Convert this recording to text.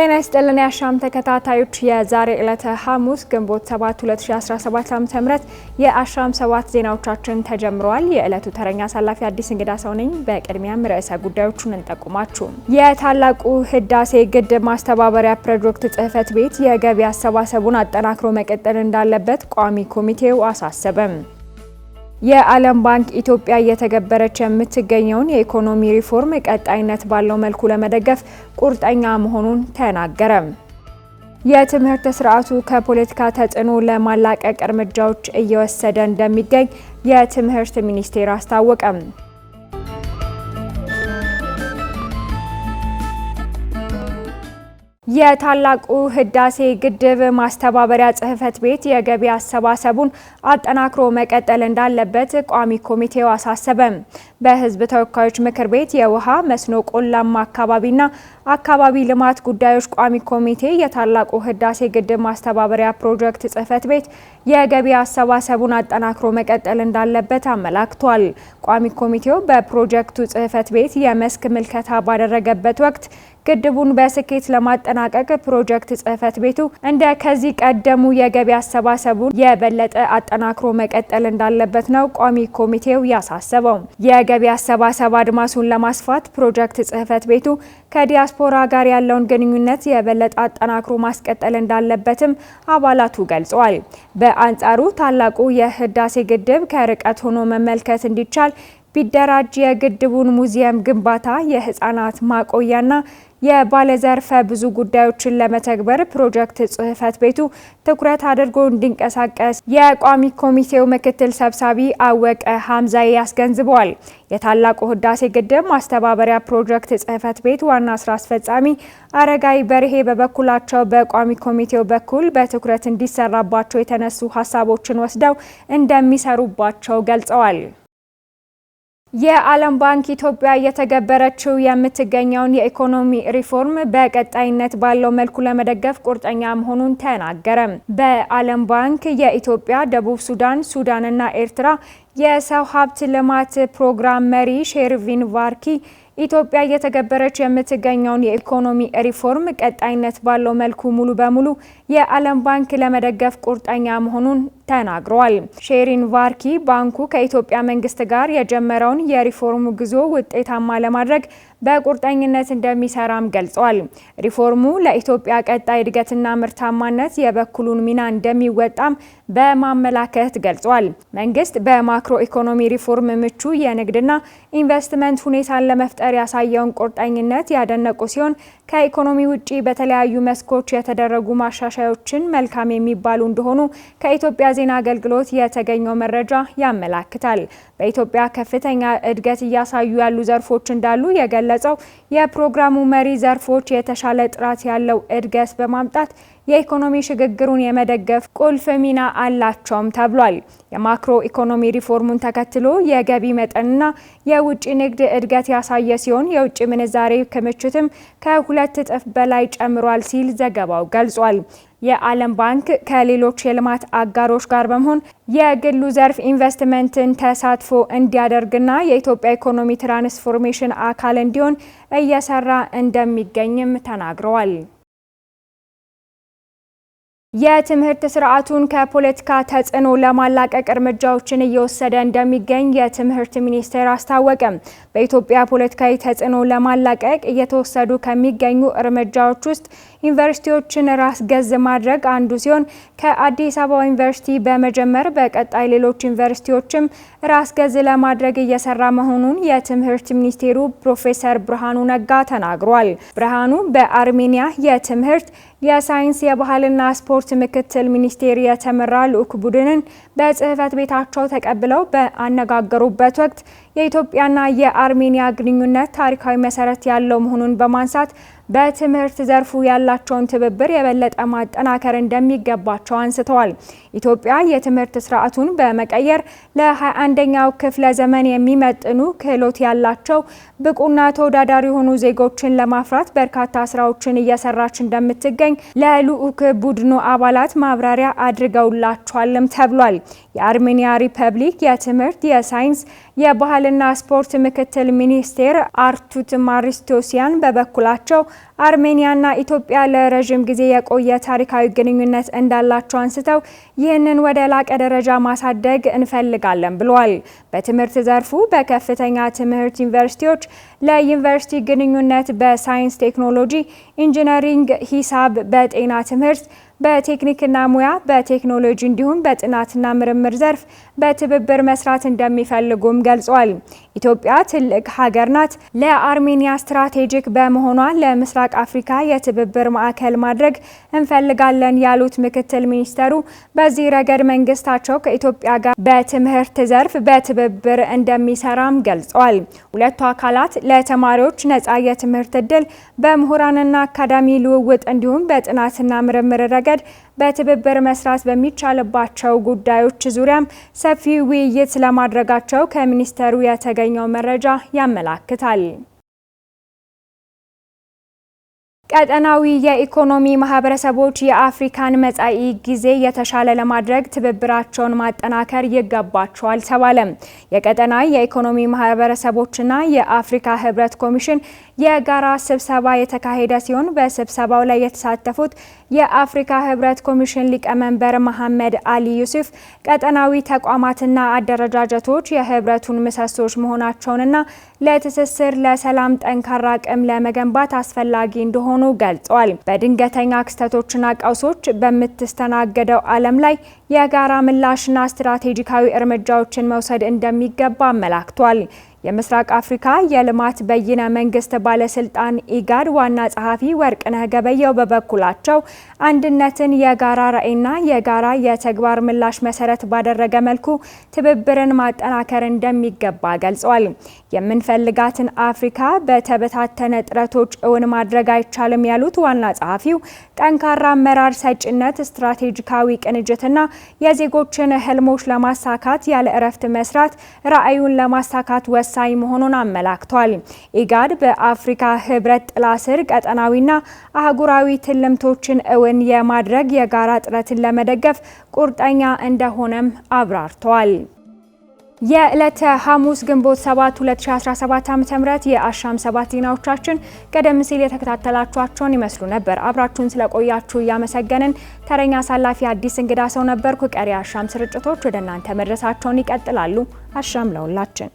ጤና ይስጥልን የአሻም ተከታታዮች፣ የዛሬ ዕለተ ሐሙስ ግንቦት 7 2017 ም የአሻም ሰባት ዜናዎቻችን ተጀምረዋል። የዕለቱ ተረኛ አሳላፊ አዲስ እንግዳ ሰው ነኝ። በቅድሚያም ርዕሰ ጉዳዮቹን እንጠቁማችሁ። የታላቁ ህዳሴ ግድብ ማስተባበሪያ ፕሮጀክት ጽህፈት ቤት የገቢ አሰባሰቡን አጠናክሮ መቀጠል እንዳለበት ቋሚ ኮሚቴው አሳሰበም። የዓለም ባንክ ኢትዮጵያ እየተገበረች የምትገኘውን የኢኮኖሚ ሪፎርም ቀጣይነት ባለው መልኩ ለመደገፍ ቁርጠኛ መሆኑን ተናገረ። የትምህርት ስርዓቱ ከፖለቲካ ተጽዕኖ ለማላቀቅ እርምጃዎች እየወሰደ እንደሚገኝ የትምህርት ሚኒስቴር አስታወቀም። የታላቁ ህዳሴ ግድብ ማስተባበሪያ ጽህፈት ቤት የገቢ አሰባሰቡን አጠናክሮ መቀጠል እንዳለበት ቋሚ ኮሚቴው አሳሰበ። በህዝብ ተወካዮች ምክር ቤት የውሃ መስኖ፣ ቆላማ አካባቢና አካባቢ ልማት ጉዳዮች ቋሚ ኮሚቴ የታላቁ ህዳሴ ግድብ ማስተባበሪያ ፕሮጀክት ጽህፈት ቤት የገቢ አሰባሰቡን አጠናክሮ መቀጠል እንዳለበት አመላክቷል። ቋሚ ኮሚቴው በፕሮጀክቱ ጽህፈት ቤት የመስክ ምልከታ ባደረገበት ወቅት ግድቡን በስኬት ለማጠናቀቅ ፕሮጀክት ጽህፈት ቤቱ እንደ ከዚህ ቀደሙ የገቢ አሰባሰቡን የበለጠ አጠናክሮ መቀጠል እንዳለበት ነው ቋሚ ኮሚቴው ያሳሰበው። የገቢ አሰባሰብ አድማሱን ለማስፋት ፕሮጀክት ጽህፈት ቤቱ ከዲያስፖራ ጋር ያለውን ግንኙነት የበለጠ አጠናክሮ ማስቀጠል እንዳለበትም አባላቱ ገልጸዋል። በአንጻሩ ታላቁ የህዳሴ ግድብ ከርቀት ሆኖ መመልከት እንዲቻል ቢደራጅ የግድቡን ሙዚየም ግንባታ፣ የህፃናት ማቆያና የባለዘርፈ ብዙ ጉዳዮችን ለመተግበር ፕሮጀክት ጽህፈት ቤቱ ትኩረት አድርጎ እንዲንቀሳቀስ የቋሚ ኮሚቴው ምክትል ሰብሳቢ አወቀ ሀምዛዬ ያስገንዝበዋል። የታላቁ ህዳሴ ግድብ ማስተባበሪያ ፕሮጀክት ጽህፈት ቤት ዋና ስራ አስፈጻሚ አረጋይ በርሄ በበኩላቸው በቋሚ ኮሚቴው በኩል በትኩረት እንዲሰራባቸው የተነሱ ሀሳቦችን ወስደው እንደሚሰሩባቸው ገልጸዋል። የዓለም ባንክ ኢትዮጵያ እየተገበረችው የምትገኘውን የኢኮኖሚ ሪፎርም በቀጣይነት ባለው መልኩ ለመደገፍ ቁርጠኛ መሆኑን ተናገረ። በዓለም ባንክ የኢትዮጵያ፣ ደቡብ ሱዳን፣ ሱዳንና ኤርትራ የሰው ሀብት ልማት ፕሮግራም መሪ ሼርቪን ቫርኪ ኢትዮጵያ እየተገበረች የምትገኘውን የኢኮኖሚ ሪፎርም ቀጣይነት ባለው መልኩ ሙሉ በሙሉ የዓለም ባንክ ለመደገፍ ቁርጠኛ መሆኑን ተናግረዋል። ሼሪን ቫርኪ ባንኩ ከኢትዮጵያ መንግስት ጋር የጀመረውን የሪፎርም ጉዞ ውጤታማ ለማድረግ በቁርጠኝነት እንደሚሰራም ገልጿል ሪፎርሙ ለኢትዮጵያ ቀጣይ እድገትና ምርታማነት የበኩሉን ሚና እንደሚወጣም በማመላከት ገልጿል። መንግስት በማክሮ ኢኮኖሚ ሪፎርም ምቹ የንግድና ኢንቨስትመንት ሁኔታን ለመፍጠር ያሳየውን ቁርጠኝነት ያደነቁ ሲሆን ከኢኮኖሚ ውጪ በተለያዩ መስኮች የተደረጉ ማሻሻዮችን መልካም የሚባሉ እንደሆኑ ከኢትዮጵያ ዜና አገልግሎት የተገኘው መረጃ ያመላክታል። በኢትዮጵያ ከፍተኛ እድገት እያሳዩ ያሉ ዘርፎች እንዳሉ የገለ የገለጸው የፕሮግራሙ መሪ ዘርፎች የተሻለ ጥራት ያለው እድገት በማምጣት የኢኮኖሚ ሽግግሩን የመደገፍ ቁልፍ ሚና አላቸውም ተብሏል። የማክሮ ኢኮኖሚ ሪፎርሙን ተከትሎ የገቢ መጠንና የውጭ ንግድ እድገት ያሳየ ሲሆን የውጭ ምንዛሬ ክምችትም ከሁለት እጥፍ በላይ ጨምሯል ሲል ዘገባው ገልጿል። የዓለም ባንክ ከሌሎች የልማት አጋሮች ጋር በመሆን የግሉ ዘርፍ ኢንቨስትመንትን ተሳትፎ እንዲያደርግና የኢትዮጵያ ኢኮኖሚ ትራንስፎርሜሽን አካል እንዲሆን እየሰራ እንደሚገኝም ተናግረዋል። የትምህርት ስርዓቱን ከፖለቲካ ተጽዕኖ ለማላቀቅ እርምጃዎችን እየወሰደ እንደሚገኝ የትምህርት ሚኒስቴር አስታወቀም። በኢትዮጵያ ፖለቲካዊ ተጽዕኖ ለማላቀቅ እየተወሰዱ ከሚገኙ እርምጃዎች ውስጥ ዩኒቨርሲቲዎችን ራስ ገዝ ማድረግ አንዱ ሲሆን ከአዲስ አበባ ዩኒቨርሲቲ በመጀመር በቀጣይ ሌሎች ዩኒቨርሲቲዎችም ራስ ገዝ ለማድረግ እየሰራ መሆኑን የትምህርት ሚኒስቴሩ ፕሮፌሰር ብርሃኑ ነጋ ተናግሯል። ብርሃኑ በአርሜኒያ የትምህርት የሳይንስ የባህልና ስፖርት ምክትል ሚኒስቴር የተመራ ልዑክ ቡድንን በጽህፈት ቤታቸው ተቀብለው በአነጋገሩበት ወቅት የኢትዮጵያና የአርሜኒያ ግንኙነት ታሪካዊ መሰረት ያለው መሆኑን በማንሳት በትምህርት ዘርፉ ያላቸውን ትብብር የበለጠ ማጠናከር እንደሚገባቸው አንስተዋል። ኢትዮጵያ የትምህርት ስርዓቱን በመቀየር ለ21ኛው ክፍለ ዘመን የሚመጥኑ ክህሎት ያላቸው ብቁና ተወዳዳሪ የሆኑ ዜጎችን ለማፍራት በርካታ ስራዎችን እየሰራች እንደምትገኝ ለልዑክ ቡድኑ አባላት ማብራሪያ አድርገውላቸዋልም ተብሏል። የአርሜኒያ ሪፐብሊክ የትምህርት፣ የሳይንስ የባህልና ስፖርት ምክትል ሚኒስቴር አርቱት ማሪስቶሲያን በበኩላቸው አርሜኒያና ኢትዮጵያ ለረዥም ጊዜ የቆየ ታሪካዊ ግንኙነት እንዳላቸው አንስተው ይህንን ወደ ላቀ ደረጃ ማሳደግ እንፈልጋለን ብሏል። በትምህርት ዘርፉ በከፍተኛ ትምህርት ዩኒቨርሲቲዎች ለዩኒቨርሲቲ ግንኙነት፣ በሳይንስ ቴክኖሎጂ፣ ኢንጂነሪንግ፣ ሂሳብ፣ በጤና ትምህርት በቴክኒክና ሙያ፣ በቴክኖሎጂ እንዲሁም በጥናትና ምርምር ዘርፍ በትብብር መስራት እንደሚፈልጉም ገልጿል። ኢትዮጵያ ትልቅ ሀገር ናት። ለአርሜኒያ ስትራቴጂክ በመሆኗ ለምስራቅ አፍሪካ የትብብር ማዕከል ማድረግ እንፈልጋለን ያሉት ምክትል ሚኒስተሩ በዚህ ረገድ መንግስታቸው ከኢትዮጵያ ጋር በትምህርት ዘርፍ በትብብር እንደሚሰራም ገልጿል። ሁለቱ አካላት ለተማሪዎች ነጻ የትምህርት እድል በምሁራንና አካዳሚ ልውውጥ እንዲሁም በጥናትና ምርምር ረገድ ረገድ በትብብር መስራት በሚቻልባቸው ጉዳዮች ዙሪያም ሰፊ ውይይት ለማድረጋቸው ከሚኒስቴሩ የተገኘው መረጃ ያመላክታል። ቀጠናዊ የኢኮኖሚ ማህበረሰቦች የአፍሪካን መጻኢ ጊዜ የተሻለ ለማድረግ ትብብራቸውን ማጠናከር ይገባቸዋል ተባለም። የቀጠና የኢኮኖሚ ማህበረሰቦችና የአፍሪካ ህብረት ኮሚሽን የጋራ ስብሰባ የተካሄደ ሲሆን በስብሰባው ላይ የተሳተፉት የአፍሪካ ህብረት ኮሚሽን ሊቀመንበር መሐመድ አሊ ዩሱፍ ቀጠናዊ ተቋማትና አደረጃጀቶች የህብረቱን ምሰሶች መሆናቸውንና ለትስስር ለሰላም ጠንካራ አቅም ለመገንባት አስፈላጊ እንደሆኑ ገልጸዋል። በድንገተኛ ክስተቶችና ቀውሶች በምትስተናገደው ዓለም ላይ የጋራ ምላሽና ስትራቴጂካዊ እርምጃዎችን መውሰድ እንደሚገባ አመላክቷል። የምስራቅ አፍሪካ የልማት በይነ መንግስት ባለስልጣን ኢጋድ ዋና ጸሐፊ ወርቅነህ ገበየው በበኩላቸው አንድነትን የጋራ ራዕይና የጋራ የተግባር ምላሽ መሰረት ባደረገ መልኩ ትብብርን ማጠናከር እንደሚገባ ገልጸዋል። የምንፈልጋትን አፍሪካ በተበታተነ ጥረቶች እውን ማድረግ አይቻልም ያሉት ዋና ጸሐፊው ጠንካራ አመራር ሰጭነት፣ ስትራቴጂካዊ ቅንጅትና የዜጎችን ህልሞች ለማሳካት ያለ እረፍት መስራት ራዕዩን ለማሳካት ወስ ወሳኝ መሆኑን አመላክቷል። ኢጋድ በአፍሪካ ህብረት ጥላ ስር ቀጠናዊና አህጉራዊ ትልምቶችን እውን የማድረግ የጋራ ጥረትን ለመደገፍ ቁርጠኛ እንደሆነም አብራርተዋል። የዕለተ ሐሙስ ግንቦት 7 2017 ዓ.ም የአሻም ሰባት ዜናዎቻችን ቀደም ሲል የተከታተላችኋቸውን ይመስሉ ነበር። አብራችሁን ስለቆያችሁ እያመሰገንን ተረኛ አሳላፊ አዲስ እንግዳ ሰው ነበርኩ። ቀሪ አሻም ስርጭቶች ወደ እናንተ መድረሳቸውን ይቀጥላሉ። አሻም ለሁላችን!